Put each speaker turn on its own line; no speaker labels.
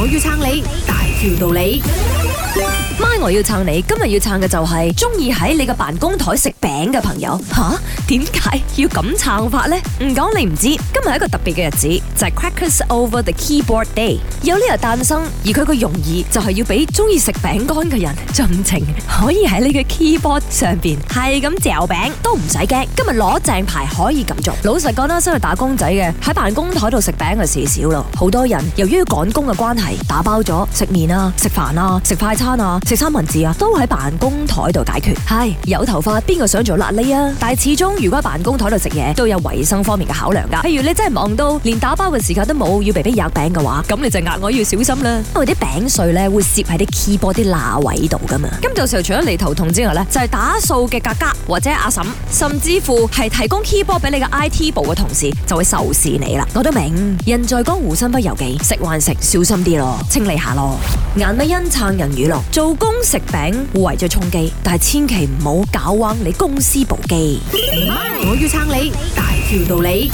我要撐你，大條道理。MY,MY，我要撐你，今日要撐嘅就是中意喺你的辦公台食餅嘅朋友。吓、啊，點解要咁撐法呢？唔講你唔知，今日係一個特別嘅日子，就係、是、Crackers Over the Keyboard Day，有呢日誕生，而佢個用意就係要俾中意食餅乾嘅人盡情可以喺你個 keyboard 上面。係咁嚼餅，都唔使驚，今日攞正牌可以咁做。老實講啦，身為打工仔嘅喺辦公台度食餅嘅事少咯。好多人由於趕工嘅關係，打包咗食麵啊、食飯啊、食快餐啊。食三文治啊，都喺辦公台度解決。係有頭髮，邊個想做辣痢啊？但係始終如果喺辦公台度食嘢，都有衛生方面嘅考量噶、啊。譬如你真係忙到連打包嘅時間都冇，要畀畀壓餅嘅話，咁你就額外要小心啦。因為啲餅碎咧會攝喺啲 keyboard 啲罅位度噶嘛。咁到時候除咗嚟頭痛之外咧，就係、是、打掃嘅格格或者阿嬸，甚至乎係提供 keyboard 俾你嘅 IT 部嘅同事就會仇視你啦。我都明，人在江湖身不由己，食還食，小心啲咯，清理下咯。眼尾因撐人語錄，做。公食餅為咗充飢，但係千祈唔好搞彎你公司部機。我要撐你，
你大條道理。